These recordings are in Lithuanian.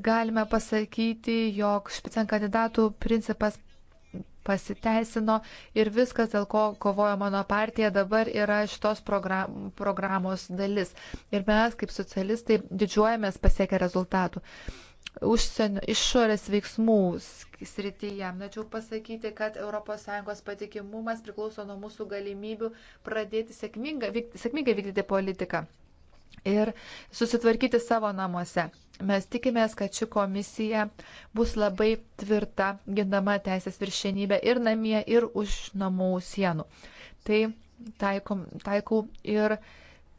galime pasakyti, jog špicen kandidatų principas pasiteisino ir viskas, dėl ko kovojo mano partija, dabar yra šitos program, programos dalis. Ir mes, kaip socialistai, didžiuojamės pasiekę rezultatų. Užsienio išorės veiksmų srityje. Norėčiau pasakyti, kad ES patikimumas priklauso nuo mūsų galimybių pradėti sėkmingą, sėkmingai vykdyti politiką ir susitvarkyti savo namuose. Mes tikimės, kad ši komisija bus labai tvirta, gindama teisės viršenybę ir namie, ir už namų sienų. Tai taikom, taikau ir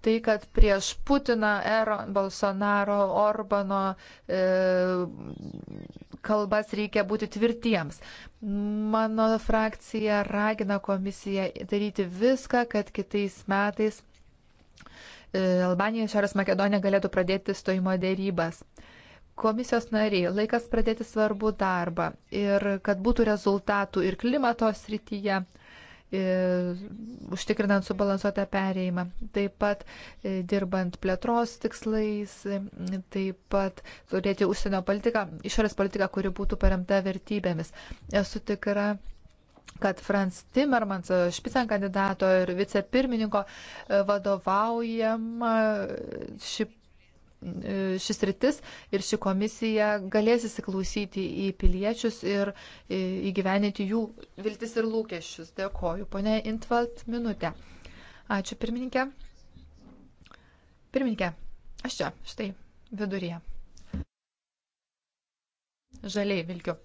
tai, kad prieš Putiną, Ero, Bolsonaro, Orbano e, kalbas reikia būti tvirtiems. Mano frakcija ragina komisiją daryti viską, kad kitais metais Albanija ir Šiaurės Makedonija galėtų pradėti stojimo dėrybas. Komisijos nariai, laikas pradėti svarbų darbą ir kad būtų rezultatų ir klimato srityje, e, užtikrinant subalansuotą pereimą, taip pat e, dirbant plėtros tikslais, taip pat turėti užsienio politiką, išorės politiką, kuri būtų paremta vertybėmis. Esu tikra, kad Franz Timmermans, špicen kandidato ir vicepirmininko e, vadovaujama e, ši, e, šis rytis ir ši komisija galės įsiklausyti į piliečius ir įgyveninti jų viltis ir lūkesčius. Dėkoju, ponė Intvalt, minutę. Ačiū, pirmininkė. Pirmininkė, aš čia, štai, viduryje. Žaliai vilkiu.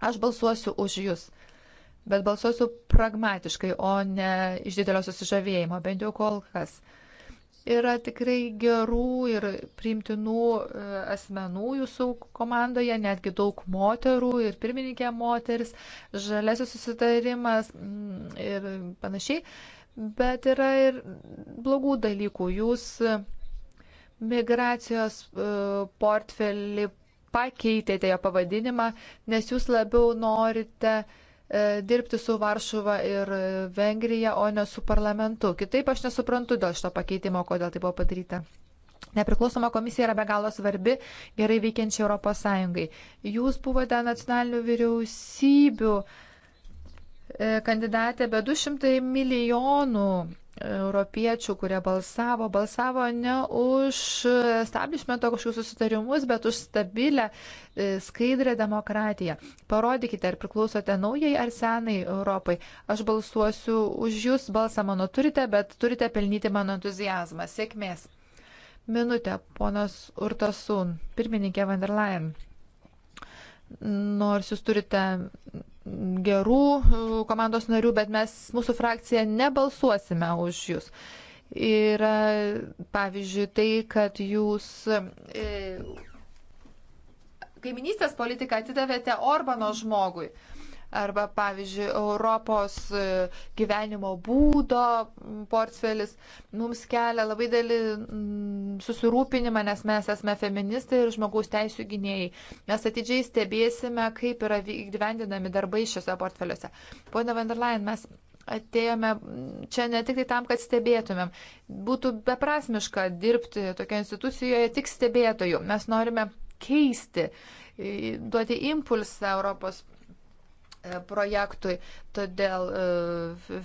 Aš balsuosiu už jūs bet balsuosiu pragmatiškai, o ne iš didelio susižavėjimo, bent jau kol kas. Yra tikrai gerų ir priimtinų e, asmenų jūsų komandoje, netgi daug moterų ir pirmininkė moteris, žalesis susitarimas mm, ir panašiai, bet yra ir blogų dalykų. Jūs migracijos e, portfelį pakeitėte jo pavadinimą, nes jūs labiau norite uh, E, dirbti su Varšuva ir Vengrija, o ne su parlamentu. Kitaip aš nesuprantu dėl šito pakeitimo, kodėl tai buvo padaryta. Nepriklausoma komisija yra be galo svarbi gerai veikiančiai Europos Sąjungai. Jūs buvote nacionalinių vyriausybių e, kandidatė be 200 milijonų europiečių, kurie balsavo, balsavo ne už establishmento kažkokius susitarimus, bet už stabilę, e, skaidrę demokratiją. Parodykite, ar priklausote naujai ar senai Europai. Aš balsuosiu už jūs, balsą mano turite, bet turite pelnyti mano entuzijazmą. Sėkmės. Minutė, ponas Urtasun, pirmininkė van der Leyen. Nors jūs turite gerų e, komandos narių, bet mes, mūsų frakcija, nebalsuosime už jūs. Ir e, pavyzdžiui, tai, kad jūs e, kaiminystės politiką atidavėte Orbano žmogui. E, arba, pavyzdžiui, Europos e, gyvenimo būdo portfelis mums kelia labai dėlį susirūpinimą, nes mes esame feministai ir žmogaus teisų gynėjai. Mes atidžiai stebėsime, kaip yra gyvendinami darbai šiuose portfeliuose. Pone van der Leyen, mes atėjome čia ne tik tai tam, kad stebėtumėm. Būtų beprasmiška dirbti tokioje institucijoje tik stebėtojų. Mes norime keisti, duoti impulsą Europos projektui. Todėl e,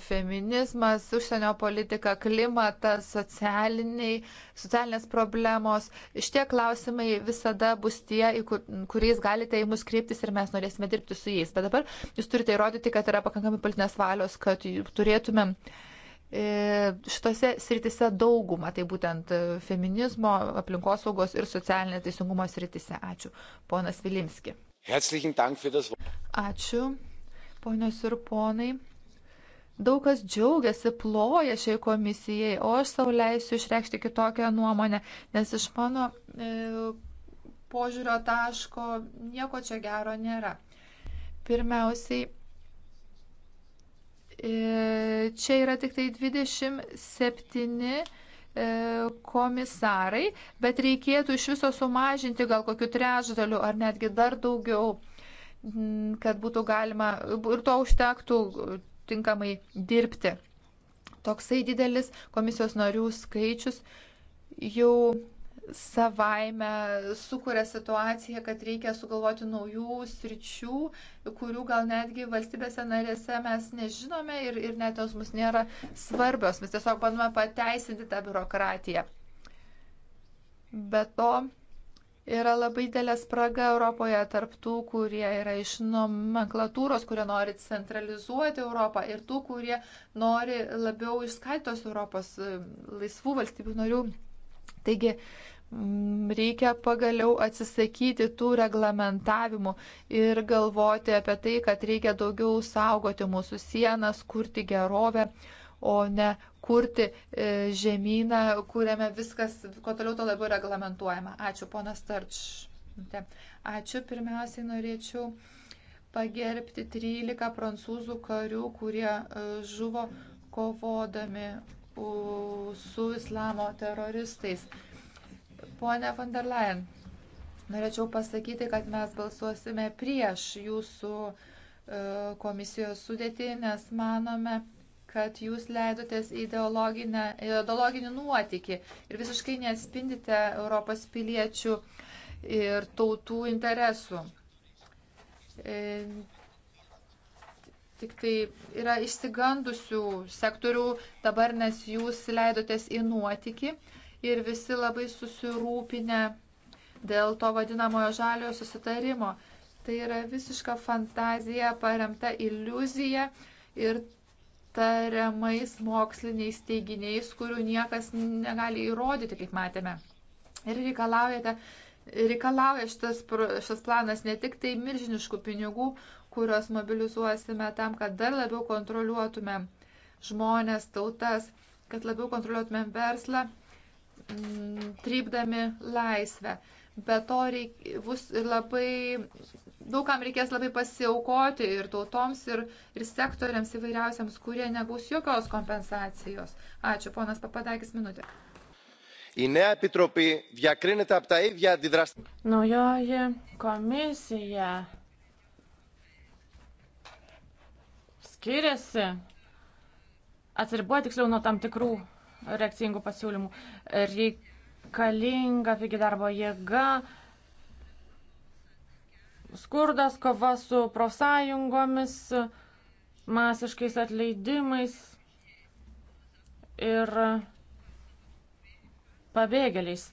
feminizmas, užsienio politika, klimatas, socialinės problemos, šitie klausimai visada bus tie, kur, kuriais galite į mus kreiptis ir mes norėsime dirbti su jais. Bet dabar jūs turite įrodyti, kad yra pakankamai politinės valios, kad turėtumėm e, šitose sritise daugumą, tai būtent e, feminizmo, aplinkosaugos ir socialinė teisingumo sritise. Ačiū, ponas Vilimski. Ačiū. Ponios ir ponai, daug kas džiaugiasi, ploja šiai komisijai, o aš savo leisiu išreikšti kitokią nuomonę, nes iš mano e, požiūrio taško nieko čia gero nėra. Pirmiausiai, e, čia yra tik tai 27 e, komisarai, bet reikėtų iš viso sumažinti gal kokiu trečdaliu ar netgi dar daugiau. Mm, kad būtų galima ir to užtektų tinkamai dirbti. Toksai didelis komisijos narių skaičius jau savaime sukuria situaciją, kad reikia sugalvoti naujų sričių, kurių gal netgi valstybėse narėse mes nežinome ir, ir net jos mus nėra svarbios. Mes tiesiog bandome pateisinti tą biurokratiją. Be to, Yra labai dėlė spraga Europoje tarp tų, kurie yra iš nomenklatūros, kurie nori centralizuoti Europą ir tų, kurie nori labiau išskaitos Europos e, laisvų valstybių narių. Taigi reikia pagaliau atsisakyti tų reglamentavimų ir galvoti apie tai, kad reikia daugiau saugoti mūsų sienas, kurti gerovę o ne kurti e, žemyną, kuriame viskas, kuo toliau, to labiau reglamentuojama. Ačiū, ponas Tarč. Ačiū. Pirmiausiai norėčiau pagerbti 13 prancūzų karių, kurie e, žuvo kovodami su islamo teroristais. Pone von der Leyen, norėčiau pasakyti, kad mes balsuosime prieš jūsų e, komisijos sudėtį, nes manome, kad jūs leidotės į ideologinį nuotikį ir visiškai neatspindite Europos piliečių ir tautų interesų. E, tik tai yra išsigandusių sektorių dabar, nes jūs leidotės į nuotikį ir visi labai susirūpinę dėl to vadinamojo žaliojo susitarimo. Tai yra visiška fantazija paremta iliuzija ir tariamais moksliniais teiginiais, kurių niekas negali įrodyti, kaip matėme. Ir reikalaujate, reikalauja šitas, šis planas ne tik tai milžiniškų pinigų, kuriuos mobilizuosime tam, kad dar labiau kontroliuotume žmonės, tautas, kad labiau kontroliuotumėm verslą, trypdami laisvę. Be to reik, bus labai daugam reikės labai pasiaukoti ir tautoms, ir, ir sektoriams įvairiausiams, kurie nebus jokios kompensacijos. Ačiū, ponas Papadakis, minutė. Η νέα επιτροπή διακρίνεται από τα ίδια αντιδραστικά. Naujoji komisija skiriasi, atsiribuoja tiksliau nuo tam tikrų reakcingų pasiūlymų. Reikalinga pigi darbo jėga, skurdas, kova su profsąjungomis, masiškais atleidimais ir pabėgėliais.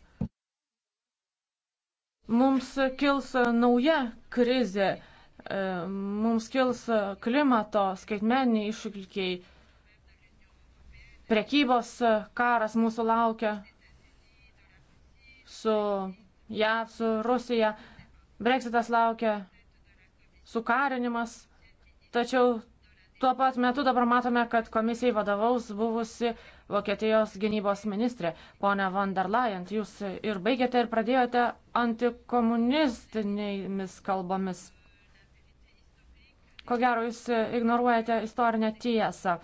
Mums kils nauja krizė, e, mums kils klimato skaitmeniniai iššūkiai, prekybos karas mūsų laukia su JAV, su Rusija. Brexitas laukia sukarinimas, tačiau tuo pat metu dabar matome, kad komisijai vadovaus buvusi Vokietijos gynybos ministrė. Pone van der Leyen, jūs ir baigėte ir pradėjote antikomunistinėmis kalbomis. Ko gero, jūs ignoruojate istorinę tiesą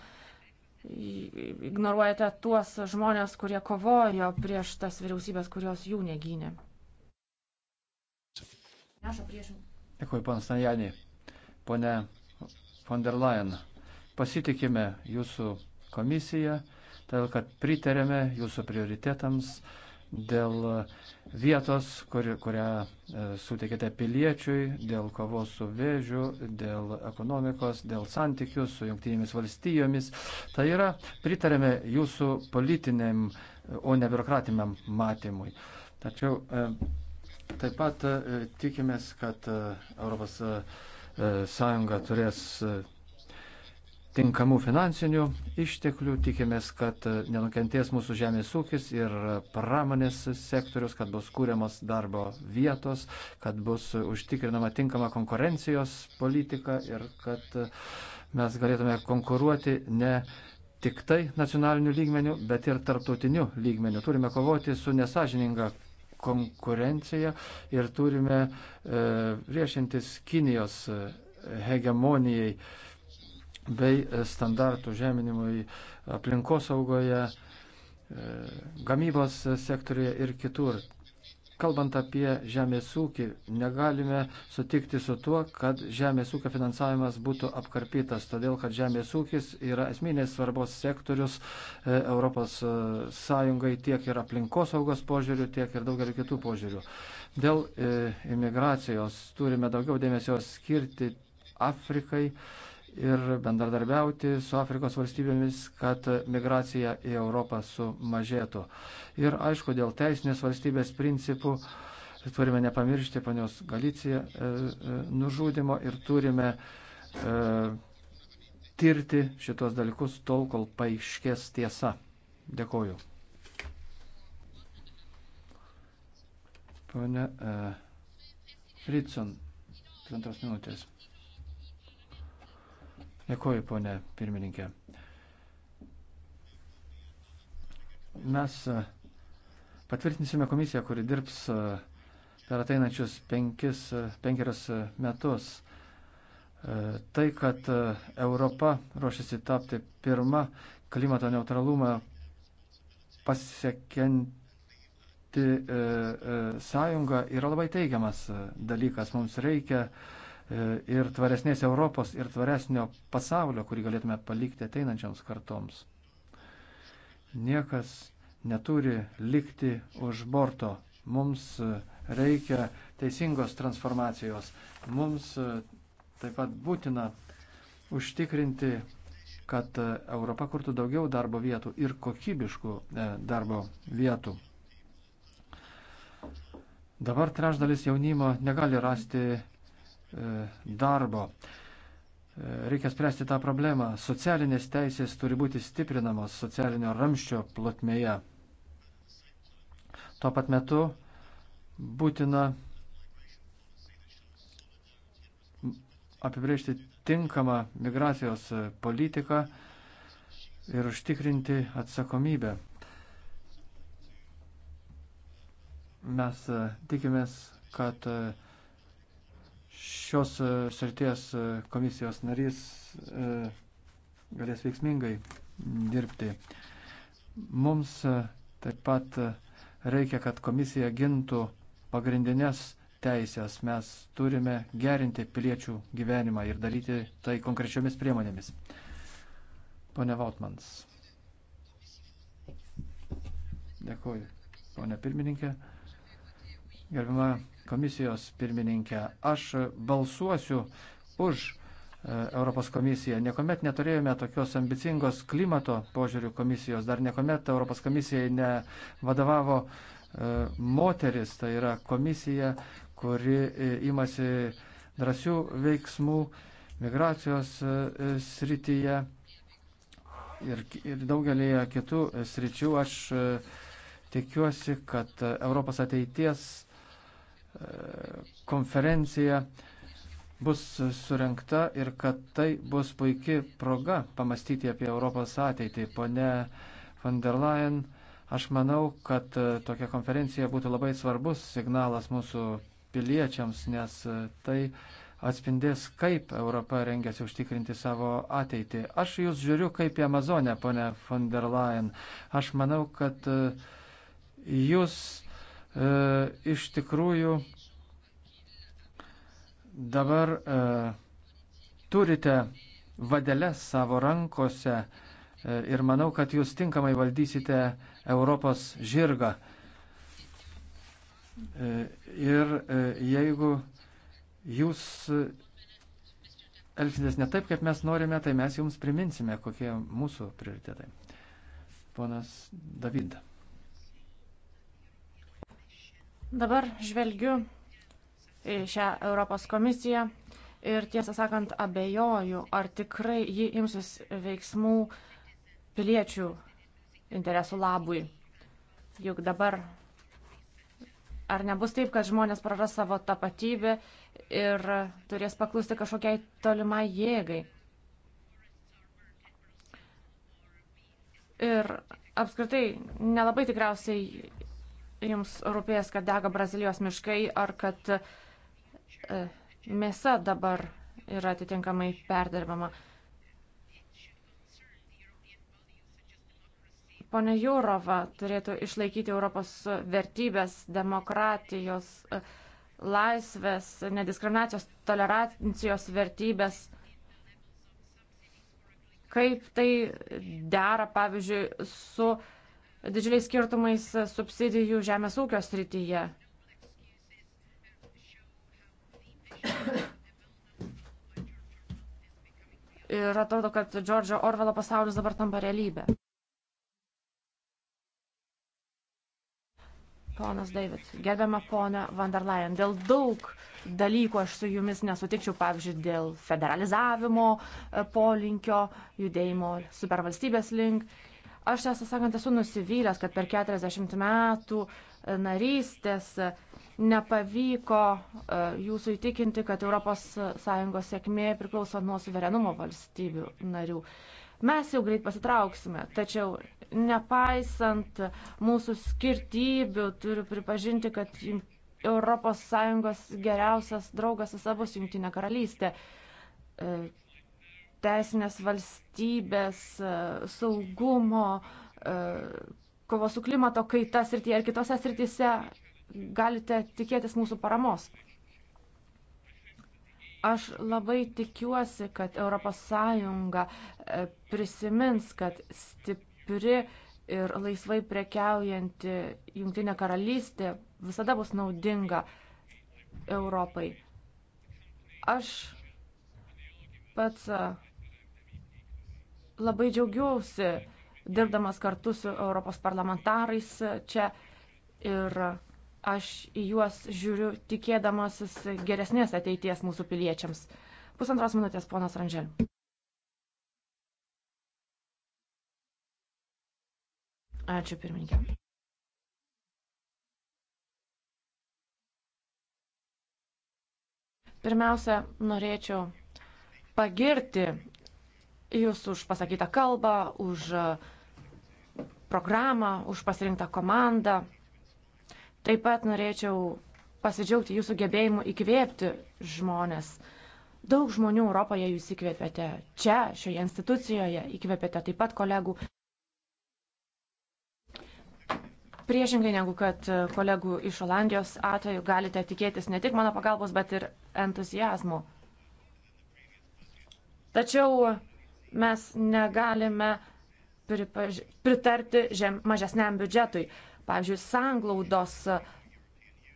ignoruojate tuos žmonės, kurie kovojo prieš tas vyriausybės, kurios jų negynė. Dėkui, panas Najanį. Pone von der Leyen, pasitikime jūsų komisiją, todėl kad pritarėme jūsų prioritetams dėl vietos, kur, kurią e, suteikėte piliečiui, dėl kovos su vėžiu, dėl ekonomikos, dėl santykių su jungtinėmis valstijomis. Tai yra, pritarėme jūsų politiniam, o ne biurokratiniam matymui. Tačiau e, Taip pat e, tikimės, kad e, Europos e, Sąjunga turės tinkamų finansinių išteklių, tikimės, kad nenukentės mūsų žemės ūkis ir pramonės sektorius, kad bus kūriamos darbo vietos, kad bus užtikrinama tinkama konkurencijos politika ir kad mes galėtume konkuruoti ne tik tai nacionaliniu lygmeniu, bet ir tarptautiniu lygmeniu. Turime kovoti su nesažininga konkurenciją ir turime e, priešintis Kinijos e, hegemonijai bei standartų žeminimui aplinkosaugoje, e, gamybos sektorėje ir kitur. Kalbant apie žemės ūkį, negalime sutikti su tuo, kad žemės ūkio finansavimas būtų apkarpytas, todėl kad žemės ūkis yra esminės svarbos sektorius ES e, tiek ir aplinkosaugos požiūrių, tiek ir daugeliu kitų požiūrių. Dėl e, imigracijos turime daugiau dėmesio skirti Afrikai ir bendradarbiauti su Afrikos valstybėmis, kad migracija į Europą sumažėtų. Ir aišku, dėl teisinės valstybės principų turime nepamiršti panios Galiciją e, e, nužudimo ir turime e, tirti šitos dalykus tol, kol paaiškės tiesa. Dėkoju. Pane e, Fritson, antros minutės. Dėkuoju, ponė pirmininkė. Mes e, patvirtinsime komisiją, kuri dirbs e, per ateinančius penkis, e, penkerius metus. Tai, kad Europa ruošiasi tapti pirmą klimato neutralumą pasiekianti sąjunga, yra labai teigiamas dalykas. Mums reikia uh, E, ir tvaresnės Europos ir tvaresnio pasaulio, kurį galėtume palikti ateinančioms kartoms. Niekas neturi likti už borto. Mums reikia teisingos transformacijos. Mums e, taip pat būtina užtikrinti, kad e, Europa kurtų daugiau darbo vietų ir kokybiškų darbo vietų. Dabar trešdalis jaunimo negali rasti E, darbo. E, reikia spręsti tą problemą. Socialinės teisės turi būti stiprinamos socialinio ramščio plotmėje. Tuo pat metu būtina apibriežti tinkamą migracijos politiką ir užtikrinti atsakomybę. Mes e, tikimės, kad uh, šios e, srities e, komisijos narys e, galės veiksmingai dirbti. Mums taip pat reikia, kad komisija gintų pagrindinės teisės. Mes turime gerinti piliečių gyvenimą ir daryti tai konkrečiomis priemonėmis. Pone Vautmans. Dėkuoju, ponė pirmininkė gerbima komisijos pirmininkė, aš balsuosiu už e, Europos komisiją. Niekuomet neturėjome tokios ambicingos klimato požiūrių komisijos, dar niekuomet Europos komisijai nevadovavo e, moteris, tai yra komisija, kuri e, imasi drąsių veiksmų migracijos srityje ir, ir daugelį kitų sričių. Aš tikiuosi, kad Europos ateities konferencija bus surinkta ir kad tai bus puikia proga pamastyti apie Europos ateitį. Pone van der Leyen, aš manau, kad e, tokia konferencija būtų labai svarbus signalas mūsų piliečiams, nes e, tai atspindės, kaip Europa rengiasi užtikrinti savo ateitį. Aš jūs žiūriu kaip į Amazonę, ponė von der Leyen. Aš manau, kad e, jūs e, iš tikrųjų dabar e, turite vadeles savo rankose e, ir manau, kad jūs tinkamai valdysite Europos žirgą. E, ir e, jeigu jūs elgsitės ne taip, kaip mes norime, tai mes jums priminsime, kokie mūsų prioritetai. Ponas David. Dabar žvelgiu į šią Europos komisiją ir tiesą sakant abejoju, ar tikrai ji imsis veiksmų piliečių interesų labui. Juk dabar ar nebus taip, kad žmonės praras savo tapatybę ir turės paklusti kažkokiai tolimai jėgai. Ir apskritai nelabai tikriausiai jums rūpės, kad dega Brazilijos miškai ar kad e, mėsa dabar yra atitinkamai perdirbama. Pone Jūrova turėtų išlaikyti Europos vertybės, demokratijos, e, laisvės, nediskriminacijos, tolerancijos vertybės. Kaip tai dera, pavyzdžiui, su uh, didžiuliais skirtumais subsidijų žemės ūkio srityje. Ir atrodo, kad Džordžo Orvelo pasaulis dabar tampa realybė. Ponas David, gerbiama ponia van der Leyen, dėl daug dalykų aš su jumis nesutikčiau, pavyzdžiui, dėl federalizavimo polinkio, judėjimo supervalstybės link Aš, tiesą sakant, esu nusivylęs, kad per 40 metų e, narystės e, nepavyko e, jūsų įtikinti, kad ES sėkmė priklauso nuo suverenumo valstybių narių. Mes jau greit pasitrauksime, tačiau nepaisant mūsų skirtybių, turiu pripažinti, kad ES geriausias draugas visą bus Junktinė karalystė teisinės valstybės, e, saugumo, e, kovos su klimato kaita srityje ir kitose srityse galite tikėtis mūsų paramos. Aš labai tikiuosi, kad ES e, prisimins, kad stipri ir laisvai prekiaujanti Junktinė karalystė visada bus naudinga Europai. Aš pats labai džiaugiausi dirbdamas kartu su Europos parlamentarais čia ir aš į juos žiūriu tikėdamasis geresnės ateities mūsų piliečiams. Pusantros minutės, ponas Randžel. Ačiū pirmininkė. Pirmiausia, norėčiau pagirti Jūs už pasakytą kalbą, už e, programą, už pasirinktą komandą. Taip pat norėčiau pasidžiaugti jūsų gebėjimu įkvėpti žmonės. Daug žmonių Europoje jūs įkvėpėte. Čia, šioje institucijoje įkvėpėte taip pat kolegų. Priešingai negu kad e, kolegų iš Olandijos atveju galite tikėtis ne tik mano pagalbos, bet ir entuzijazmo. Tačiau mes negalime pripaž... pritarti žem... mažesniam biudžetui. Pavyzdžiui, sanglaudos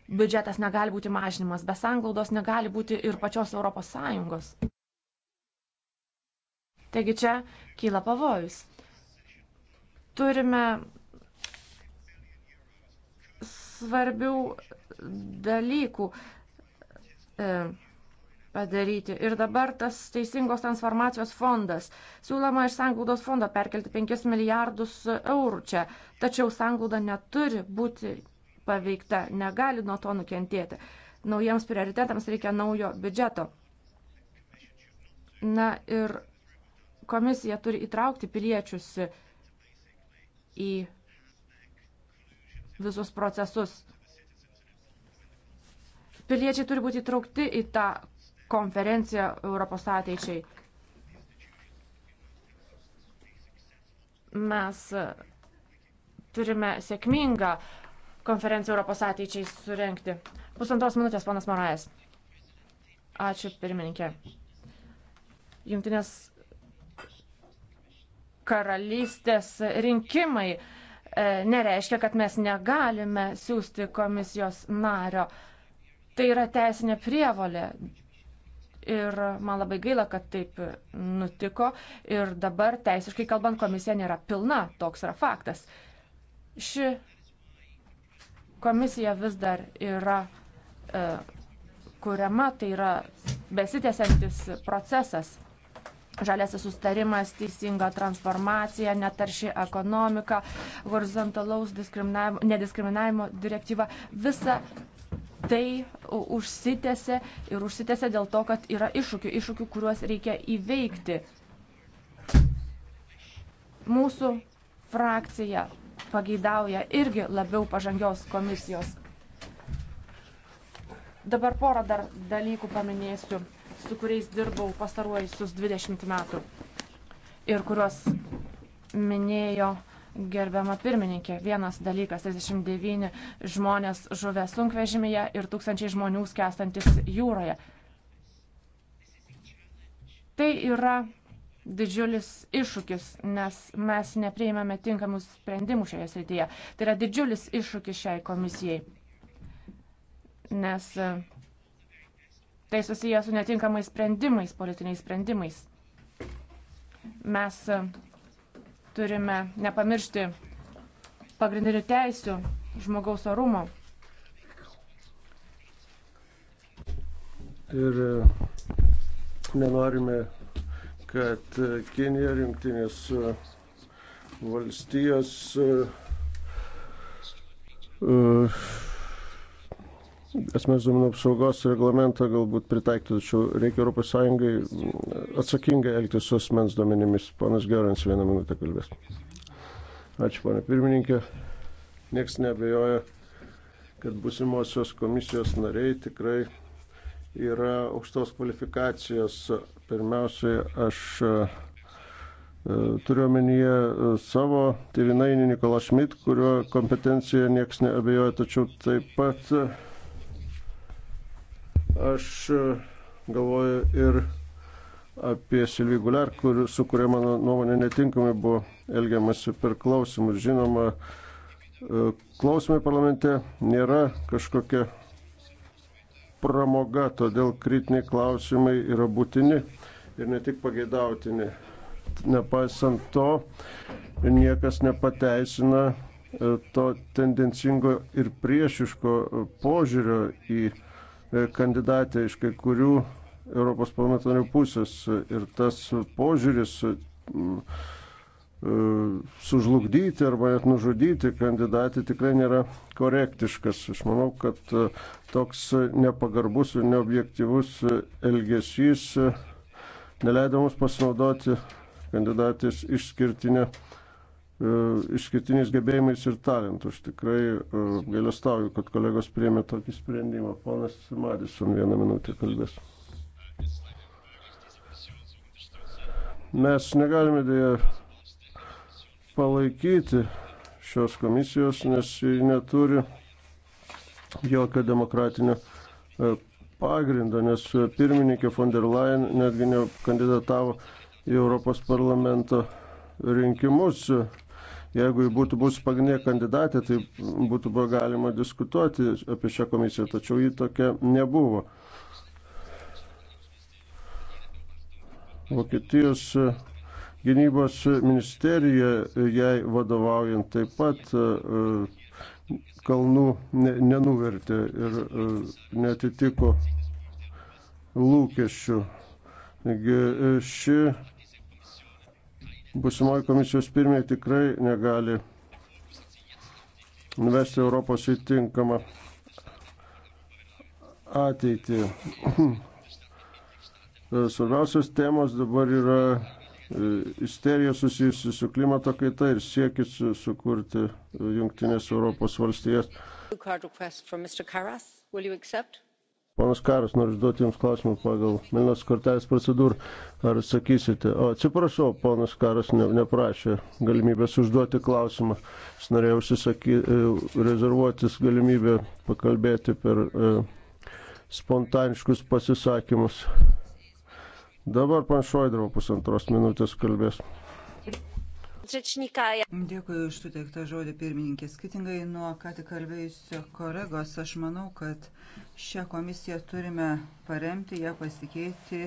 biudžetas negali būti mažinimas, be sanglaudos negali būti ir pačios ES. Taigi čia kyla pavojus. Turime svarbių dalykų. E, padaryti. Ir dabar tas teisingos transformacijos fondas. Siūloma iš sanglaudos fondo perkelti 5 milijardus eurų čia. Tačiau sanglauda neturi būti paveikta, negali nuo to nukentėti. Naujiems prioritetams reikia naujo biudžeto. Na ir komisija turi įtraukti piliečius į visus procesus piliečiai turi būti įtraukti į tą konferenciją Europos ateičiai. Mes e, turime sėkmingą konferenciją Europos ateičiai surenkti. Pusantros minutės, panas Morajas. Ačiū, pirmininkė. Jungtinės karalystės rinkimai e, nereiškia, kad mes negalime siūsti komisijos nario. Tai yra teisinė prievolė ir man labai gaila, kad taip nutiko ir dabar teisiškai kalbant komisija nėra pilna, toks yra faktas. Ši komisija vis dar yra e, kuriama, tai yra besitėsiantis procesas. Žalėsis sustarimas, teisinga transformacija, netarši ekonomika, horizontalaus nediskriminavimo direktyva. Visa tai užsitęsė ir užsitęsė dėl to, kad yra iššūkių, iššūkių, kuriuos reikia įveikti. Mūsų frakcija pageidauja irgi labiau pažangios komisijos. Dabar porą dar dalykų paminėsiu, su kuriais dirbau pastaruosius 20 metų ir kuriuos minėjo uh, Gerbiama pirmininkė, vienas dalykas - 39 žmonės žuvę sunkvežimėje ir tūkstančiai žmonių skęstantis jūroje. Tai yra didžiulis iššūkis, nes mes nepriimame tinkamus sprendimų šioje srityje. Tai yra didžiulis iššūkis šiai komisijai, nes e, tai susiję su netinkamais sprendimais, politiniais sprendimais. Mes e, Turime nepamiršti pagrindinių teisių, žmogaus orumo. Ir e, nenorime, kad e, Kinija ir jungtinės e, valstijos uh, asmens duomenų apsaugos reglamentą galbūt pritaikyti, tačiau reikia ES atsakingai elgtis su asmens duomenimis. Panas Gerans vieną minutę kalbės. Ačiū, ponė pirmininkė. Niekas nebejoja, kad busimosios komisijos nariai tikrai yra aukštos kvalifikacijos. Pirmiausiai aš e, turiu omenyje e, savo tėvinainį Nikolą Šmit, kurio kompetenciją niekas neabejoja, tačiau taip pat Aš e, galvoju ir apie Silvį Guler, kur, su kuria mano nuomonė netinkamai buvo elgiamasi per klausimus. Žinoma, e, klausimai parlamente nėra kažkokia pramoga, todėl kritiniai klausimai yra būtini ir ne tik pageidautini. Nepaisant to, niekas nepateisina e, to tendencingo ir priešiško požiūrio į E, kandidatė iš kai kurių Europos parlamento narių pusės ir tas požiūris e, e, sužlugdyti arba net nužudyti kandidatį tikrai nėra korektiškas. Aš manau, kad toks nepagarbus ir neobjektivus elgesys neleido mums pasinaudoti kandidatės išskirtinę E, išskirtiniais gebėjimais ir talentu. Aš tikrai e, gailestauju, kad kolegos priemė tokį sprendimą. Ponas Madison vieną minutę kalbės. Mes negalime dėja palaikyti šios komisijos, nes ji neturi jokio demokratinio e, pagrindo, nes pirmininkė von der Leyen netgi kandidatavo į Europos parlamento rinkimus Jeigu ji būtų bus pagrindinė kandidatė, tai būtų buvo galima diskutuoti apie šią komisiją, tačiau ji tokia nebuvo. Vokietijos gynybos ministerija, jai vadovaujant taip pat kalnų nenuvertė ir netitiko lūkesčių. Taigi ši Busimoji komisijos pirmie tikrai negali nuvesti Europos į tinkamą ateitį. Svarbiausios temos dabar yra e, isterija susijusi su klimato kaita ir siekis sukurti jungtinės Europos valstijas. Ponas Karas, noriu užduoti Jums klausimą pagal Milnos kortelės procedūrą. Ar sakysite? O, atsiprašau, ponas Karas ne, neprašė galimybės užduoti klausimą. Jis norėjo užsisaky, e, rezervuotis galimybę pakalbėti per e, spontaniškus pasisakymus. Dabar pan Šoidrovo pusantros minutės kalbės. Dėkui už suteiktą žodį pirmininkė. Skirtingai nuo ką tik kalbėjusio kolegos, aš manau, kad šią komisiją turime paremti, ją pasikeiti.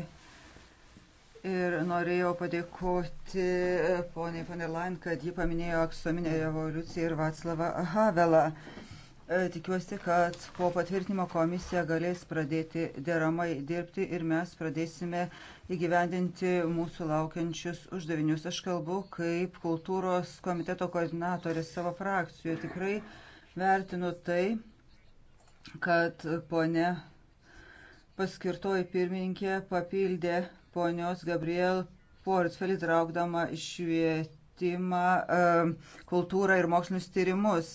Ir norėjau padėkoti e, poniai von der Leyen, kad ji paminėjo aksominę revoliuciją ir Vaclavą Havelą. E, tikiuosi, kad po patvirtinimo komisija galės pradėti deramai dirbti ir mes pradėsime įgyvendinti mūsų laukiančius uždavinius. Aš kalbu kaip kultūros komiteto koordinatorius savo frakcijoje. Tikrai vertinu tai, kad ponė paskirtoji pirmininkė papildė ponios Gabriel portfelį traukdama švietimą, e, kultūrą ir mokslinius tyrimus.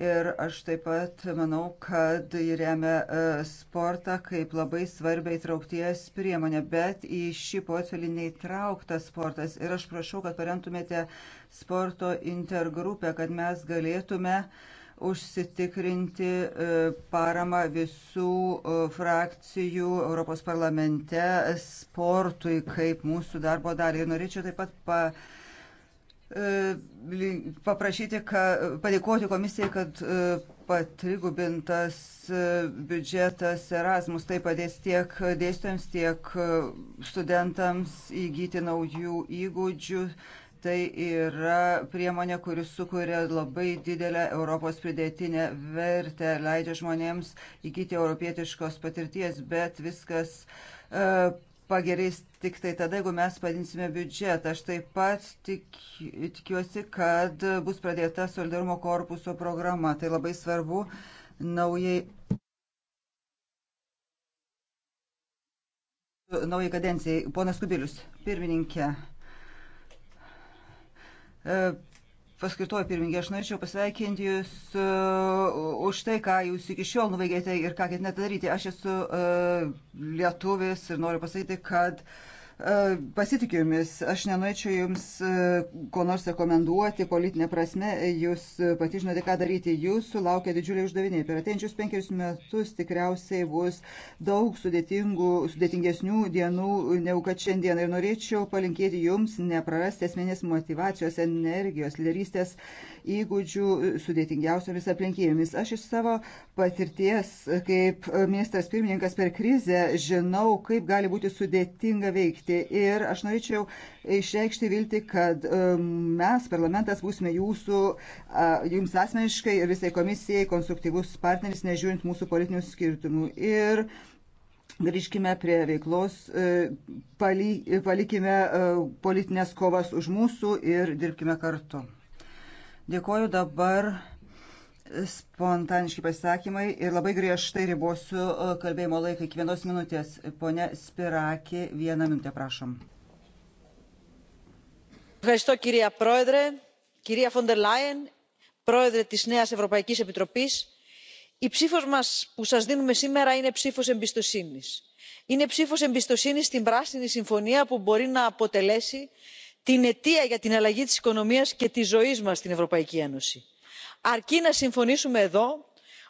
Ir aš taip pat manau, kad jį remia e, sportą kaip labai svarbiai traukties priemonę, bet į šį portfelį neįtrauktas sportas. Ir aš prašau, kad paremtumėte sporto intergrupę, kad mes galėtume užsitikrinti e, paramą visų e, frakcijų Europos parlamente sportui kaip mūsų darbo dalį. Ir norėčiau taip pat pa E, paprašyti, ka, padėkoti komisijai, kad e, patrigubintas e, biudžetas Erasmus tai padės tiek dėstytojams, tiek studentams įgyti naujų įgūdžių. Tai yra priemonė, kuris sukuria labai didelę Europos pridėtinę vertę, leidžia žmonėms įgyti europietiškos patirties, bet viskas uh, pagerės tik tai tada, jeigu mes padinsime biudžetą. Aš taip pat tik, tikiuosi, kad bus pradėta solidarumo korpuso programa. Tai labai svarbu naujai. Naujai kadencijai. Ponas Kubilius, pirmininkė. E, paskirtoji pirmininkė, aš norėčiau pasveikinti Jūs uh, už tai, ką Jūs iki šiol nuveikėte ir ką ketinate daryti. Aš esu uh, lietuvis ir noriu pasakyti, kad uh, E, pasitikiu jumis, aš nenorėčiau jums e, ko nors rekomenduoti politinė prasme, jūs pati žinote, ką daryti, jūsų laukia didžiuliai uždaviniai. Per ateinčius penkerius metus tikriausiai bus daug sudėtingų, sudėtingesnių dienų, negu kad šiandien. Ir norėčiau palinkėti jums neprarasti esminės motivacijos, energijos, lyderystės. Uh, įgūdžių sudėtingiausiomis aplinkybėmis. Aš iš savo patirties kaip ministras pirmininkas per krizę žinau, kaip gali būti sudėtinga veikti ir aš norėčiau išreikšti vilti, kad um, mes, parlamentas, būsime jūsų, jums asmeniškai ir visai komisijai konstruktyvus partneris, nežiūrint mūsų politinių skirtumų. Ir grįžkime prie veiklos, e, palikime e, politinės kovas už mūsų ir dirbkime kartu. Dėkoju dabar spontaniški pasisakymai ir labai griežtai ribosiu e, kalbėjimo laiką iki vienos minutės. Pone Spiraki, vieną minutę prašom. Ευχαριστώ κυρία Πρόεδρε, κυρία Φοντερ Λάιεν, Πρόεδρε της Νέας Ευρωπαϊκής Επιτροπής. Η ψήφος μας που σας δίνουμε σήμερα είναι ψήφος εμπιστοσύνης. Είναι ψήφος εμπιστοσύνης στην Πράσινη Συμφωνία που μπορεί να αποτελέσει την αιτία για την αλλαγή της οικονομίας και της ζωής μας στην ευρωπαϊκή ένωση αρκεί να συμφωνήσουμε εδώ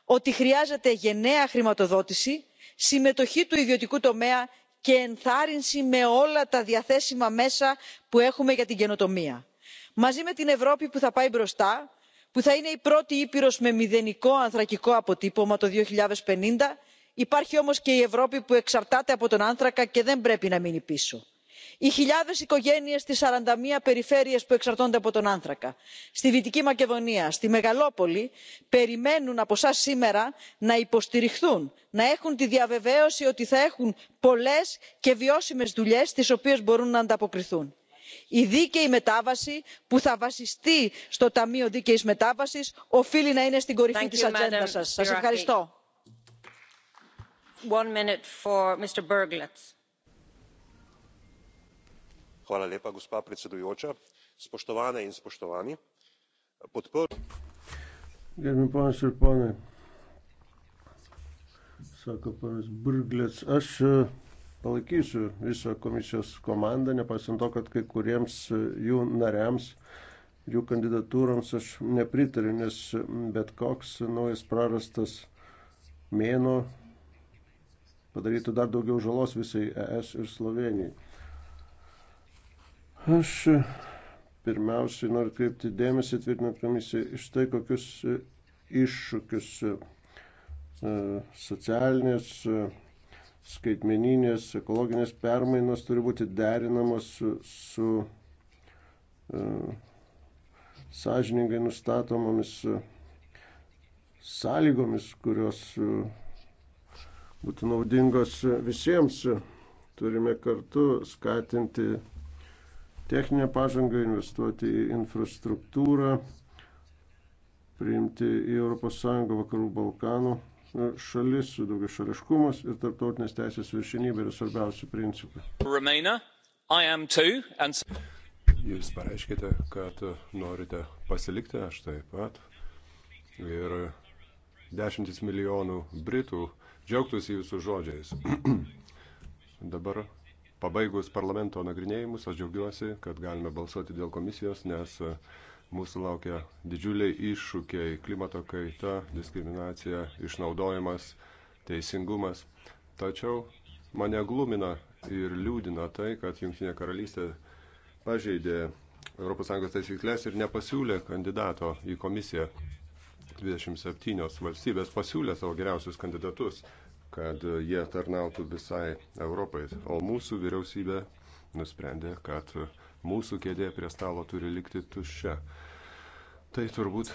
ότι χρειάζεται γενναία χρηματοδότηση συμμετοχή του ιδιωτικού τομέα και ενθάρρυνση με όλα τα διαθέσιμα μέσα που έχουμε για την καινοτομία μαζί με την ευρώπη που θα πάει μπροστά που θα είναι η πρώτη ήπειρος με μηδενικό ανθρακικό αποτύπωμα το δύο χιλιάδες πενήντα υπάρχει όμως και η ευρώπη που εξαρτάται από τον άνθρακα και δεν πρέπει να μείνει πίσω οι χιλιάδες οικογένειες στις σαράντα μία περιφέρειες που εξαρτώνται από τον άνθρακα στη δυτική μακεδονία στη μεγαλόπολη περιμένουν από εσάς σήμερα να υποστηριχθούν να έχουν τη διαβεβαίωση ότι θα έχουν πολλές και βιώσιμες δουλειές στις οποίες μπορούν να ανταποκριθούν. η δίκαιη μετάβαση που θα βασιστεί στο ταμείο δίκαιης μετάβασης οφείλει να είναι στην κορυφή της ατζέντας σας. σας ευχαριστώ gospa predsedujoča spoštovane in spoštovani podprl. gerbiami ponios ir ponai sako ponas brglec aš palaikysiu visą komisijos komandą nepaisant to kad kai kuriems jų nariams jų kandidatūroms aš nepritariu nes bet koks naujas prarastas mėnuo padarytų dar daugiau žalos visai es ir slovėnijai Aš e, pirmiausiai noriu kreipti dėmesį, tvirtinant komisiją, iš tai, kokius e, iššūkius e, socialinės, skaitmeninės, ekologinės permainos turi būti derinamos su, su sąžiningai nustatomomis sąlygomis, kurios būtų naudingos visiems. Turime kartu skatinti techninę pažangą, investuoti į infrastruktūrą, priimti į ES vakarų Balkanų e, šalis, daugia šališkumas ir tarptautinės teisės viršinybė yra svarbiausi principai. Remainer, I am too, and... Jūs pareiškite, kad norite pasilikti, aš taip pat. Ir dešimtis milijonų Britų džiaugtųsi jūsų žodžiais. Dabar Pabaigus parlamento nagrinėjimus, aš džiaugiuosi, kad galime balsuoti dėl komisijos, nes e, mūsų laukia didžiuliai iššūkiai - klimato kaita, diskriminacija, išnaudojimas, teisingumas. Tačiau mane glumina ir liūdina tai, kad Junktinė karalystė pažeidė ES taisyklės ir nepasiūlė kandidato į komisiją. 27 valstybės pasiūlė savo geriausius kandidatus, kad jie tarnautų visai Europai. O mūsų vyriausybė nusprendė, kad mūsų kėdė prie stalo turi likti tuščia. Tai turbūt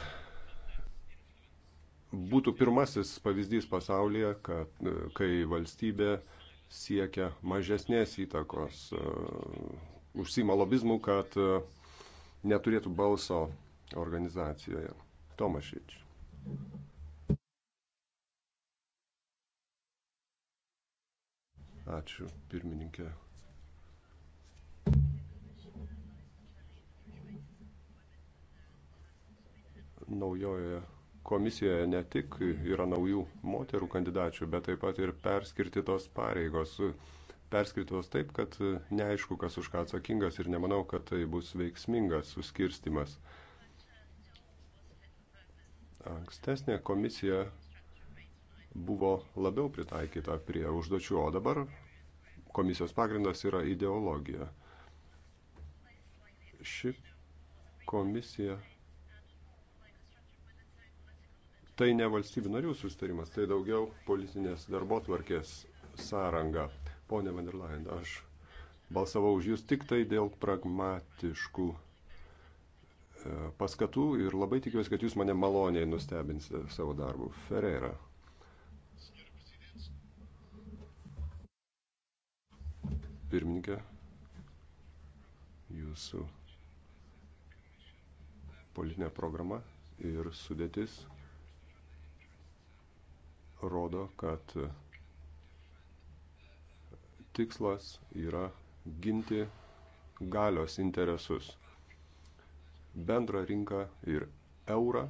būtų pirmasis pavyzdys pasaulyje, kad kai valstybė siekia mažesnės įtakos, užsima lobizmų, kad neturėtų balso organizacijoje. Tomašič. Ačiū, pirmininkė. Naujojoje komisijoje ne tik yra naujų moterų kandidačių, bet taip pat ir perskirtytos pareigos. Perskirtytos taip, kad neaišku, kas už ką atsakingas ir nemanau, kad tai bus veiksmingas suskirstimas. Ankstesnė komisija buvo labiau pritaikyta prie užduočių, o dabar komisijos pagrindas yra ideologija. Ši komisija. Tai ne valstybių narių sustarimas, tai daugiau politinės darbo tvarkės sąranga. Pone van der Leyen, aš balsavau už jūs tik tai dėl pragmatiškų e, paskatų ir labai tikiuosi, kad jūs mane maloniai nustebinsite savo darbu. Ferreira. pirmininkė. Jūsų politinė programa ir sudėtis rodo, kad tikslas yra ginti galios interesus, bendrą rinką ir eurą,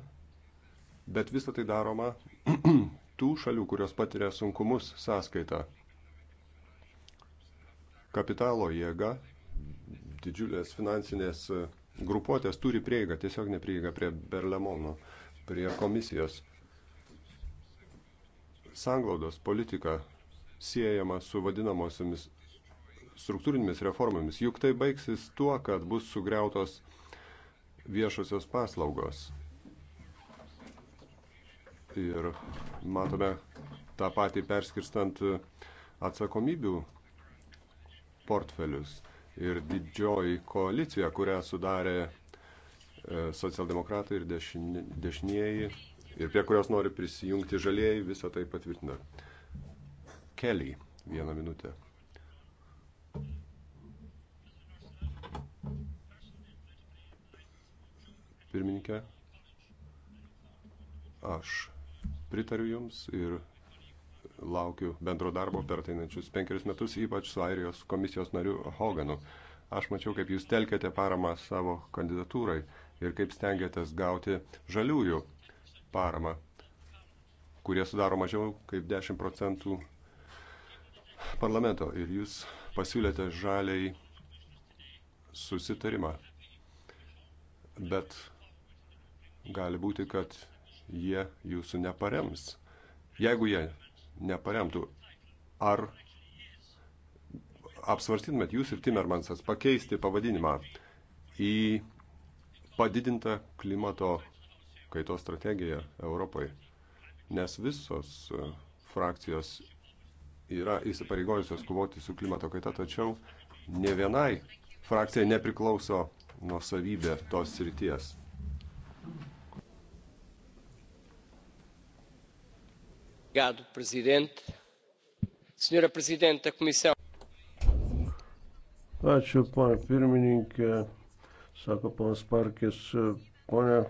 bet visą tai daroma tų šalių, kurios patiria sunkumus sąskaitą kapitalo jėga, didžiulės finansinės e, grupuotės turi prieigą, tiesiog neprieigą prie Berlemono, prie komisijos. Sanglaudos politika siejama su vadinamosiomis struktūrinėmis reformomis, juk tai baigsis tuo, kad bus sugriautos viešosios paslaugos. Ir matome tą patį perskirstant atsakomybių portfelius. Ir didžioji koalicija, kurią sudarė e, socialdemokratai ir dešinieji, ir prie kurios nori prisijungti žalieji, visą tai patvirtina. Kelly, vieną minutę. Pirmininkė, aš pritariu Jums ir laukiu bendro darbo per ateinančius penkerius metus, ypač su Airijos komisijos nariu Hoganu. Aš mačiau, kaip jūs telkėte paramą savo kandidatūrai ir kaip stengiatės gauti žaliųjų paramą, kurie sudaro mažiau kaip 10 procentų parlamento. Ir jūs pasiūlėte žaliai susitarimą. Bet gali būti, kad jie jūsų neparems. Jeigu jie neparemtų. Ar apsvarstytumėt jūs ir Timermansas pakeisti pavadinimą į padidintą klimato kaitos strategiją Europoje? Nes visos e, frakcijos yra įsipareigojusios kovoti su klimato kaita, tačiau ne vienai frakcijai nepriklauso nuosavybė tos srities. senhor presidente senhora presidente da comissão ačiū pone pirmininke sako ponas parkis pone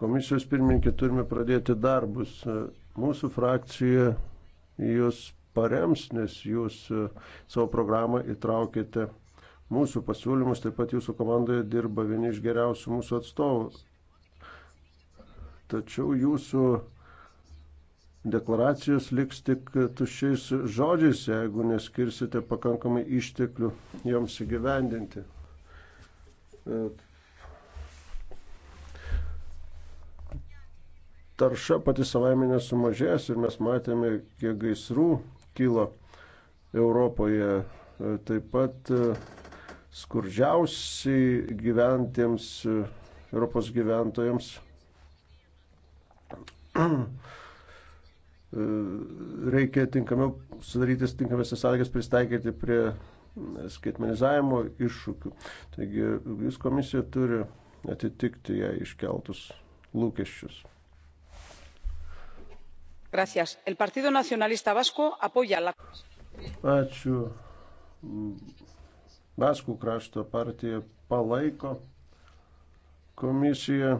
komisijos pirmininke turime pradėti darbus mūsų frakcija jus parems nes jūs savo programą įtraukėte mūsų pasiūlymus taip pat jūsų komandoje dirba vieni iš geriausių mūsų atstovų tačiau jūsų deklaracijos liks tik tuščiais žodžiais, jeigu neskirsite pakankamai išteklių joms įgyvendinti. E, tarša pati savaime nesumažės ir mes matėme, kiek gaisrų kilo Europoje. E, taip pat e, skurdžiausiai gyventiems Europos gyventojams reikia tinkamiau sudaryti tinkamas sąlygas pristaikyti prie skaitmenizavimo iššūkių. Taigi vis komisija turi atitikti ją iškeltus lūkesčius. Gracias. El Partido Nacionalista Vasco apoya la. Ačiū. Baskų krašto partija palaiko komisiją.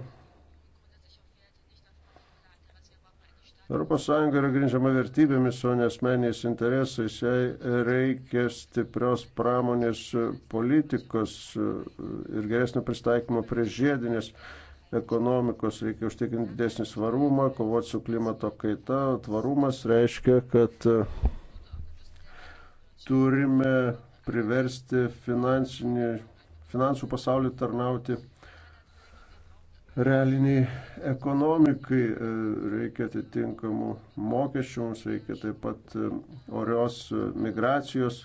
ES yra grindžiama vertybėmis, o nesmeniais interesais. Jai reikia stiprios pramonės politikos ir geresnio pristaikymo prie žiedinės ekonomikos. Reikia užtikrinti didesnį svarumą, kovoti su klimato kaita. Tvarumas reiškia, kad turime priversti finansų pasaulį tarnauti realiniai ekonomikai e, reikia atitinkamų mokesčių, mums reikia taip pat e, orios e, migracijos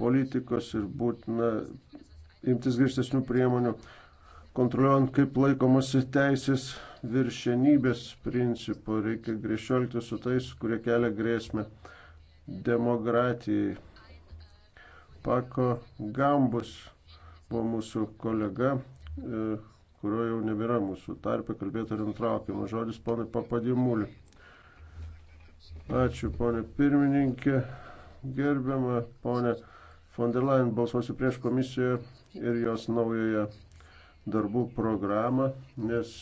politikos ir būtina imtis grįžtesnių priemonių, kontroliuojant, kaip laikomasi teisės viršenybės principo, reikia griežčiolgti su tais, kurie kelia grėsmę demokratijai. Pako Gambus buvo mūsų kolega, kurio jau nebėra mūsų tarpe, kalbėti ar nutraukiama. Žodis ponai papadimulį. Ačiū, ponė pirmininkė, gerbiama ponė von der Leyen, balsuosiu prieš komisiją ir jos naujoje darbų programą, nes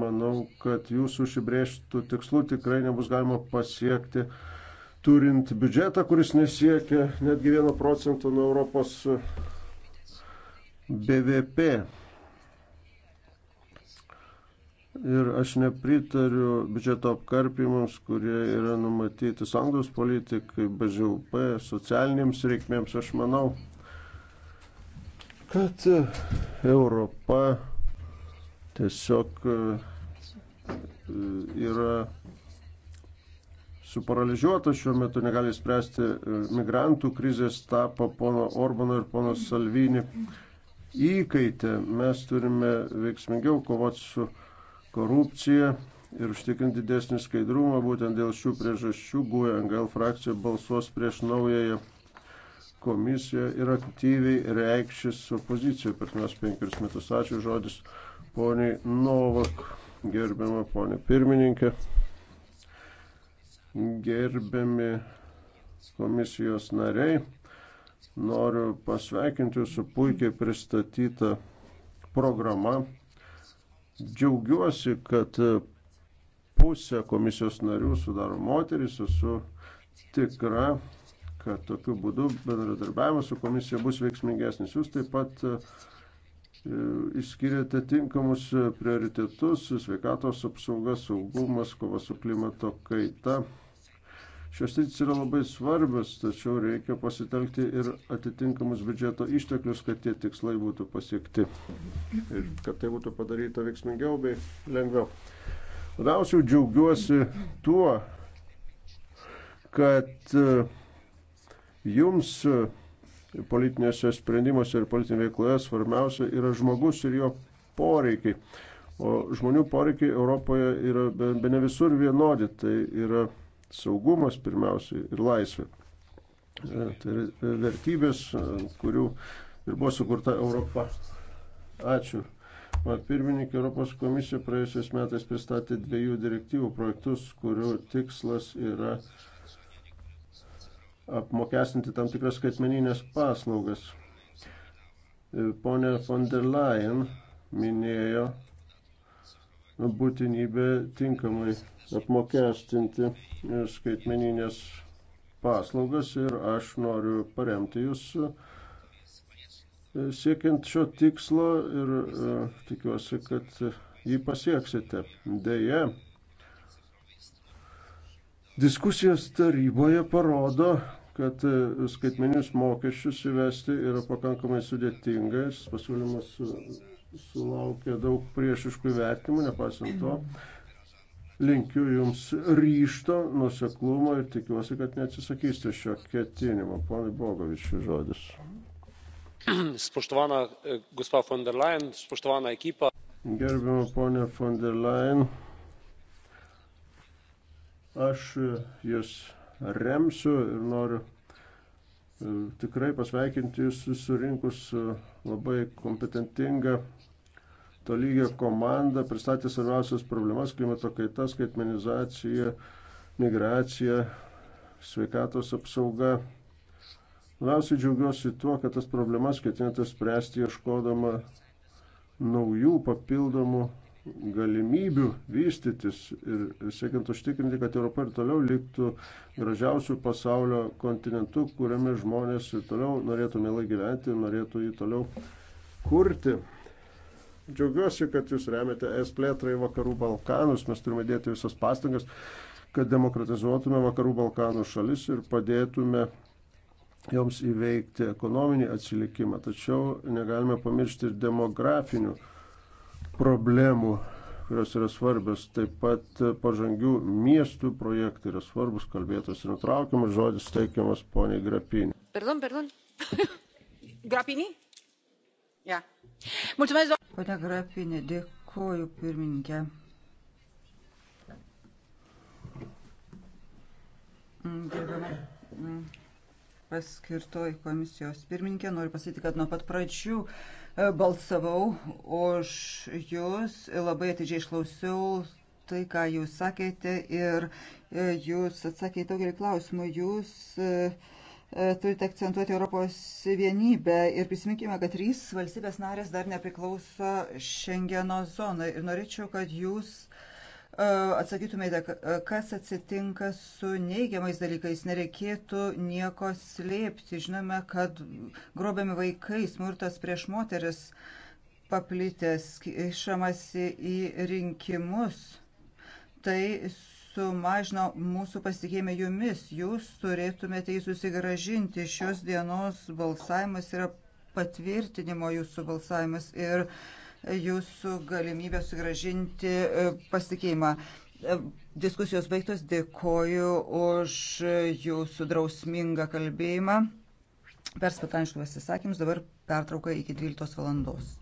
manau, kad jūsų užsibrėžtų tikslų tikrai nebus galima pasiekti, turint biudžetą, kuris nesiekia netgi 1 procento nuo Europos BVP. Ir aš nepritariu biudžeto apkarpimams, kurie yra numatyti sanglaus politikai, BŽUP, socialinėms reikmėms. Aš manau, kad Europa tiesiog e, yra suparalyžiuota šiuo metu, negali spręsti e, migrantų krizės, tapo pono Orbano ir pono Salvini įkaitė. Mes turime veiksmingiau kovoti su korupciją ir užtikrinti didesnį skaidrumą. Būtent dėl šių priežasčių GUE NGL frakcija balsuos prieš naująją komisiją ir aktyviai reikšis opoziciją per tuos penkerius metus. Ačiū žodis poniai Novak, gerbiama ponė pirmininkė, gerbiami komisijos nariai. Noriu pasveikinti jūsų puikiai pristatytą programą Džiaugiuosi, kad e, pusė komisijos narių sudaro moteris, esu tikra, kad tokiu būdu bendradarbiavimas su komisija bus veiksmingesnis. Jūs taip pat e, išskiriate tinkamus prioritetus - sveikatos apsauga, saugumas, kova su klimato kaita, Šios rytis yra labai svarbios, tačiau reikia pasitelkti ir atitinkamus biudžeto išteklius, kad tie tikslai būtų pasiekti ir kad tai būtų padaryta veiksmingiau bei lengviau. Labiausiai džiaugiuosi tuo, kad e, jums e, politinėse sprendimuose ir politinėje veikloje svarbiausia yra žmogus ir jo poreikiai. O žmonių poreikiai Europoje yra be, be ne visur vienodi. Tai yra saugumas pirmiausiai ir laisvė. E, tai yra e, vertybės, e, kurių ir buvo sukurta Europa. Ačiū. Man pirmininkė Europos komisija praėjusiais metais pristatė dviejų direktyvų projektus, kurių tikslas yra apmokestinti tam tikras skaitmeninės paslaugas. Pone von der Leyen minėjo būtinybė tinkamai apmokestinti skaitmeninės paslaugas ir aš noriu paremti jūs e, siekiant šio tikslo ir e, tikiuosi, kad jį pasieksite. Deja, diskusijos taryboje parodo, kad e, skaitmeninius mokesčius įvesti yra pakankamai sudėtingas, pasiūlymas sulaukė daug priešiškų vertimų, nepaisant to. Linkiu Jums ryšto, nuseklumo ir tikiuosi, kad neatsisakysite šio ketinimo. Ponai Bogovičiu žodis. Spoštovana eh, gospa von der Leyen, spoštovana ekipa. Gerbiama ponė von der Leyen, aš eh, Jūs remsiu ir noriu eh, tikrai pasveikinti Jūs susirinkus labai kompetentingą tolygio komanda pristatė svarbiausias problemas - klimato kaita, skaitmenizacija, migracija, sveikatos apsauga. Labiausiai džiaugiuosi tuo, kad tas problemas ketinate spręsti ieškodama naujų papildomų galimybių vystytis ir siekiant užtikrinti, kad Europa ir toliau liktų gražiausių pasaulio kontinentų, kuriame žmonės ir toliau norėtų mielai gyventi, norėtų jį toliau kurti. Džiaugiuosi, kad jūs remiate es plėtrą į Vakarų Balkanus. Mes turime dėti visas pastangas, kad demokratizuotume Vakarų Balkanų šalis ir padėtume joms įveikti ekonominį atsilikimą. Tačiau negalime pamiršti ir demografinių problemų, kurios yra svarbios. Taip pat pažangių miestų projektai yra svarbus, kalbėtas ir nutraukiamas žodis teikiamas poniai Grapinį. Pardon, pardon. Grapinį? Pone Grapinė, dėkoju pirmininkė. Gerbiamą mm, paskirtoji komisijos pirmininkė, noriu pasakyti, kad nuo pat pradžių e, balsavau už jūs, labai atidžiai išklausiau tai, ką jūs sakėte ir e, jūs atsakėte daugelį klausimų. Jūs uh, E, turite akcentuoti Europos vienybę ir prisiminkime, kad trys valstybės narės dar nepriklauso Šengeno zonai. Ir norėčiau, kad jūs e, atsakytumėte, e, kas atsitinka su neigiamais dalykais. Nereikėtų nieko slėpti. Žinome, kad grobiami vaikai, smurtas prieš moteris paplitęs, išamasi į rinkimus. Tai sumažino mūsų pasitikėjimą jumis. Jūs turėtumėte jį susigražinti. Šios dienos balsavimas yra patvirtinimo jūsų balsavimas ir jūsų galimybė sugražinti e, pasitikėjimą. E, diskusijos baigtos. Dėkoju už jūsų drausmingą kalbėjimą. Per spontaniškus pasisakymus dabar pertrauka iki 12 valandos.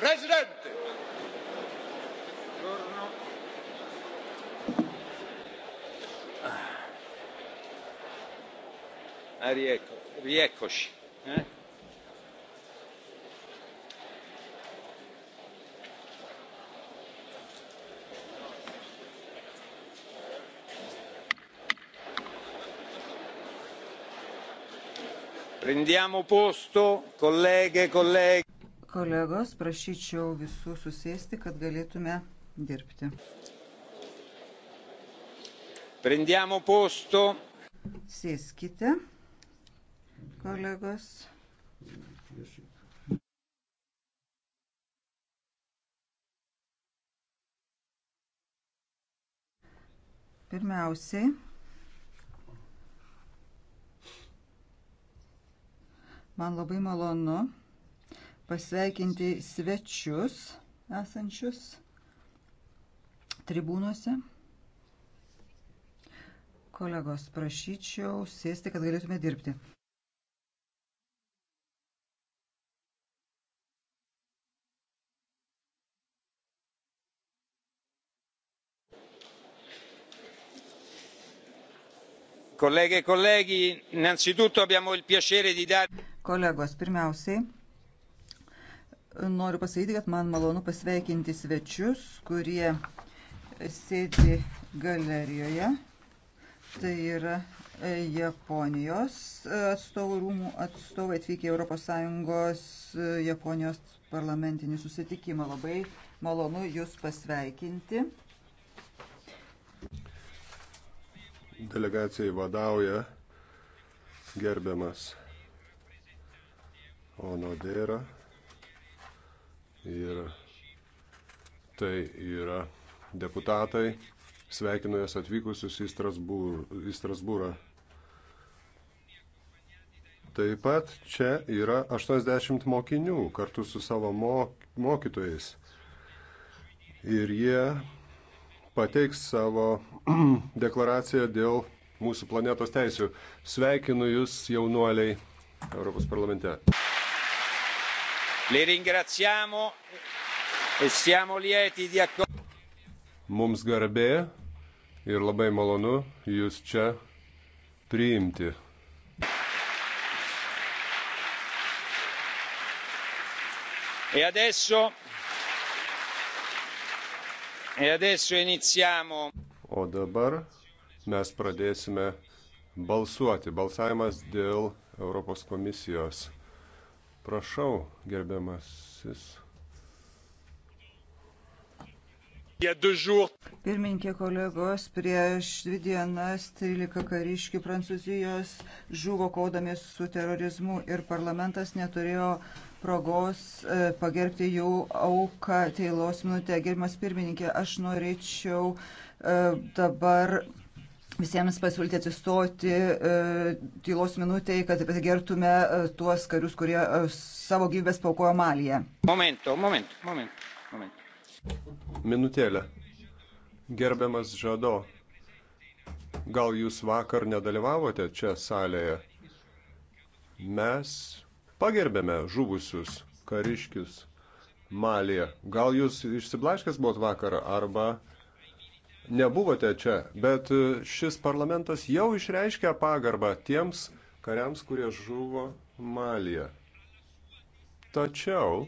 Presidente! Buongiorno. Ah, riecco, rieccoci. Eh? Prendiamo posto, colleghe e colleghi. Kolegos, prašyčiau visų susėsti, kad galėtume dirbti. Prendiamo posto. Sėskite, kolegos. Pirmiausiai, man labai malonu pasveikinti svečius esančius tribūnuose. Kolegos, prašyčiau sėsti, kad galėtume dirbti. Kolegė, kolegi, innanzitutto abbiamo il piacere di dar... Kolegos, pirmiausiai noriu pasakyti, kad man malonu pasveikinti svečius, kurie sėdi galerijoje. Tai yra e, Japonijos atstovų rūmų atstovai atvykę ES e, Japonijos parlamentinį susitikimą. Labai malonu Jūs pasveikinti. Delegacijai vadauja gerbiamas Onodėra Ir tai yra deputatai. Sveikinu jas atvykusius į, Strasbūr, į Strasbūrą. Taip pat čia yra 80 mokinių kartu su savo mok, mokytojais. Ir jie pateiks savo deklaraciją dėl mūsų planetos teisių. Sveikinu Jūs jaunuoliai Europos parlamente. Le ringraziamo e siamo lieti di accogliere. Mums garbė ir labai malonu jūs čia priimti. E adesso, e adesso iniziamo. O dabar mes pradėsime balsuoti. Balsavimas dėl Europos komisijos Prašau, gerbiamasis. Pirminkė kolegos, prieš dvi dienas 13 kariškių Prancūzijos žuvo kaudami su terorizmu ir parlamentas neturėjo progos e, pagerbti jų auką teilos minutę. Gerbimas pirmininkė, aš norėčiau e, dabar visiems pasiūlyti atsistoti e, tylos minutėje, kad pasigertume e, tuos karius, kurie e, savo gyvybės paukojo Malyje. Momento, moment, moment, moment. Minutėlė. Gerbiamas Žado, gal jūs vakar nedalyvavote čia salėje? Mes pagerbėme žuvusius kariškius Malyje. Gal jūs išsiblaškęs buvot vakar arba nebuvote čia, bet e, šis parlamentas jau išreiškia pagarbą tiems kariams, kurie žuvo Malyje. Tačiau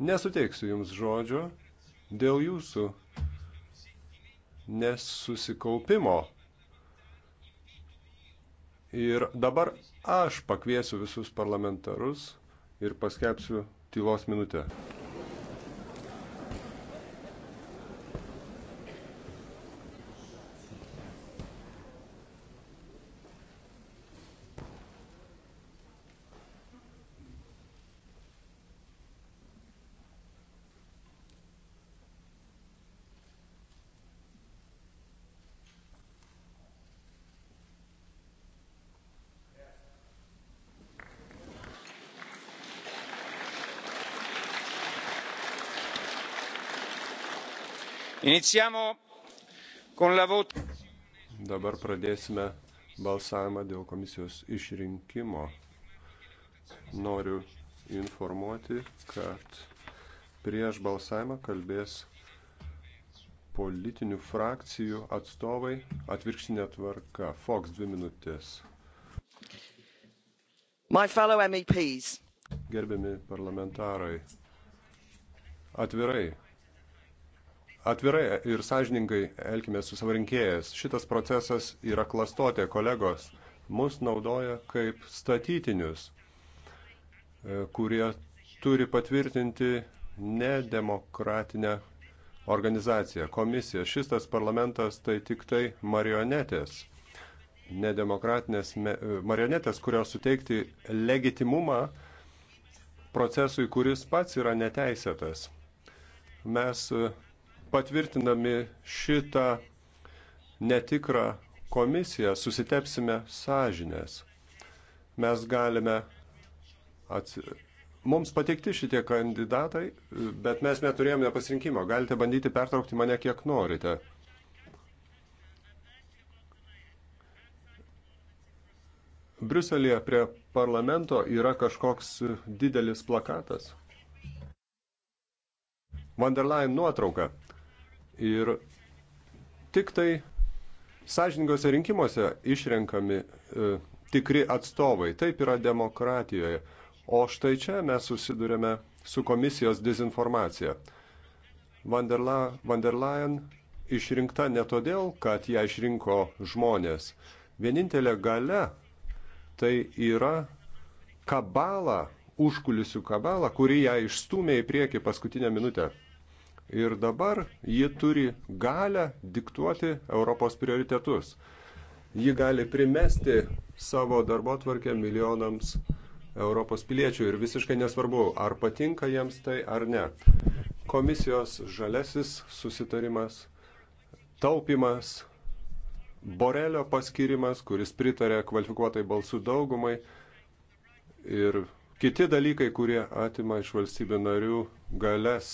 nesuteiksiu jums žodžio dėl jūsų nesusikaupimo. Ir dabar aš pakviesiu visus parlamentarus ir paskelbsiu tylos minutę. Iniciamo con la vot. Dabar pradėsime balsavimą dėl komisijos išrinkimo. Noriu informuoti, kad prieš balsavimą kalbės politinių frakcijų atstovai atvirkštinė tvarka. Fox dvi minutės. E Gerbiami parlamentarai, atvirai atvirai ir sąžiningai elkime su savo rinkėjas. Šitas procesas yra klastotė, kolegos. Mus naudoja kaip statytinius, e, kurie turi patvirtinti nedemokratinę organizaciją, komisiją. Šis parlamentas tai tik tai marionetės, nedemokratinės e, marionetės, kurios suteikti legitimumą procesui, kuris pats yra neteisėtas. Mes e, patvirtinami šitą netikrą komisiją, susitepsime sąžinės. Mes galime atsi... Mums patikti šitie kandidatai, bet mes neturėjome pasirinkimo. Galite bandyti pertraukti mane kiek norite. Briuselėje prie parlamento yra kažkoks didelis plakatas. Van der Leyen nuotrauka. Ir tik tai sąžiningose rinkimuose išrenkami e, tikri atstovai. Taip yra demokratijoje. O štai čia mes susidurėme su komisijos dezinformacija. Van der, La, Van der Leyen išrinkta ne todėl, kad ją išrinko žmonės. Vienintelė gale tai yra kabala, užkulisių kabala, kuri ją išstumė į priekį paskutinę minutę ir dabar ji turi galę diktuoti Europos prioritetus. Ji gali primesti savo darbo tvarkę milijonams Europos piliečių ir visiškai nesvarbu, ar patinka jiems tai ar ne. Komisijos žalesis susitarimas, taupimas, Borelio paskirimas, kuris pritarė kvalifikuotai balsų daugumai ir kiti dalykai, kurie atima iš valstybių narių galės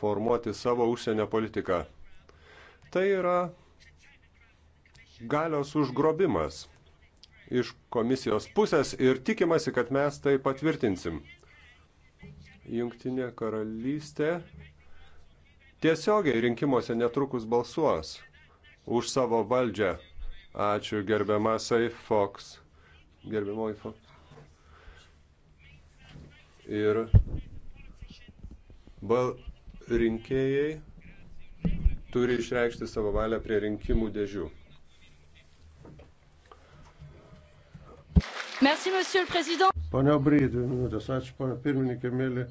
formuoti savo užsienio politiką. Tai yra galios užgrobimas iš komisijos pusės ir tikimasi, kad mes tai patvirtinsim. Jungtinė karalystė tiesiogiai rinkimuose netrukus balsuos už savo valdžią. Ačiū gerbiamasai Fox. Gerbiamoji Fox. Ir bal, rinkėjai turi išreikšti savo valią prie rinkimų dėžių. Merci, monsieur le président. Pane Bryd, dvi minutės. Ačiū, pane pirmininkė, mėly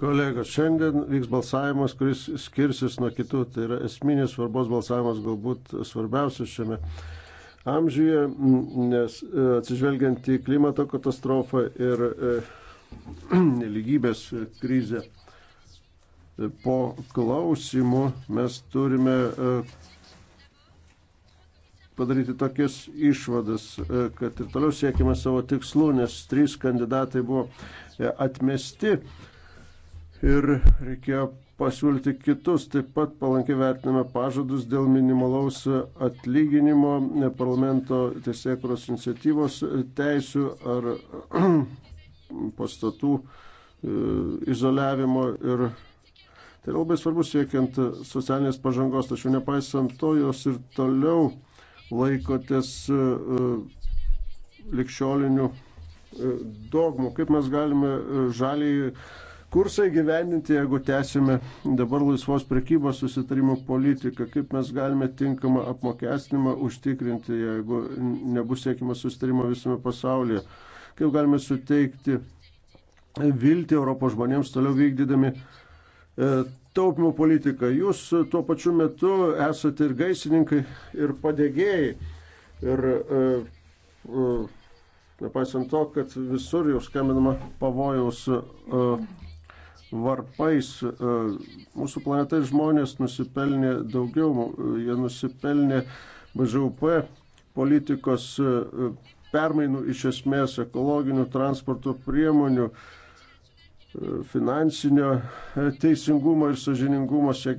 kolegos. Šiandien vyks balsavimas, kuris skirsis nuo kitų. Tai yra esminės svarbos balsavimas, galbūt svarbiausias šiame amžiuje, nes e, atsižvelgiant į klimato katastrofą ir e, nelygybės krizę po klausimų mes turime e, padaryti tokias išvadas, e, kad ir toliau siekime savo tikslų, nes trys kandidatai buvo e, atmesti ir reikėjo pasiūlyti kitus. Taip pat palankiai vertiname pažadus dėl minimalaus atlyginimo, parlamento teisėkuros iniciatyvos teisių ar pastatų izoliavimo ir Tai yra labai svarbu siekiant socialinės pažangos, tačiau nepaisant to, jos ir toliau laikotės e, likščiolinių e, dogmų. Kaip mes galime e, žaliai kursai gyveninti, jeigu tęsime dabar laisvos prekybos susitarimo politiką, kaip mes galime tinkamą apmokestinimą užtikrinti, jeigu nebus siekima susitarimo visame pasaulyje, kaip galime suteikti viltį Europos žmonėms toliau vykdydami E, taupimo politiką. Jūs tuo pačiu metu esate ir gaisininkai, ir padėgėjai. Ir e, e, nepaisant to, kad visur jau skambinama pavojaus varpais, mūsų planetai žmonės nusipelnė daugiau, jie nusipelnė BŽUP politikos permainų iš esmės ekologinių transporto priemonių, uh, finansinio teisingumo ir sažiningumo siekia